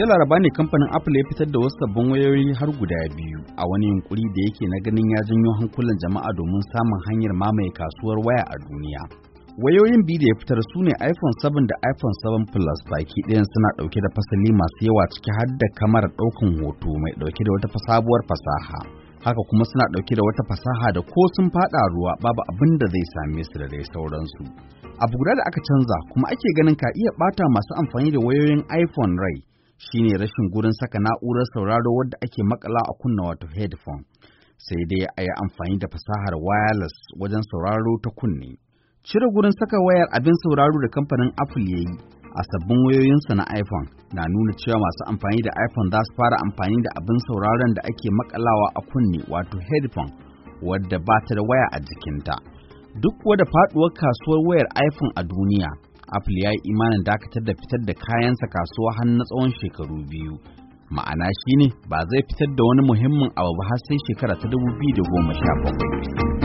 jiya laraba ne kamfanin apple ya fitar da wasu sabbin wayoyi har guda biyu a wani yunkuri da yake na ganin ya janyo hankulan jama'a domin samun hanyar mamaye kasuwar waya a duniya wayoyin biyu da ya fitar su ne iphone 7 da iphone 7 plus baki ɗayan suna ɗauke da fasali masu yawa ciki har da kamar ɗaukan hoto mai ɗauke da wata sabuwar fasaha haka kuma suna ɗauke da wata fasaha da ko sun faɗa ruwa babu abin da zai same su da dai sauransu abu guda da aka canza kuma ake ganin ka iya ɓata masu amfani da wayoyin iphone rai shine rashin gurin saka na'urar sauraro wadda ake makala a kunna wato headphone sai dai a yi amfani da fasahar wireless wajen sauraro ta kunne. Cire gurin saka wayar abin sauraro da kamfanin Apple ya yi a sabbin wayoyinsa na iPhone na nuna cewa masu amfani da iPhone za su fara amfani da abin sauraron da ake makalawa a kunne wato headphone wadda ba ta da waya a jikinta. Duk wadda faduwar kasuwar wayar iPhone a duniya Apple ya yi imanin dakatar da fitar da kayansa kasuwa har na tsawon shekaru biyu. Ma'ana shi ne ba zai fitar da wani muhimmin abu ba har sai shekara ta dubu da goma 2017.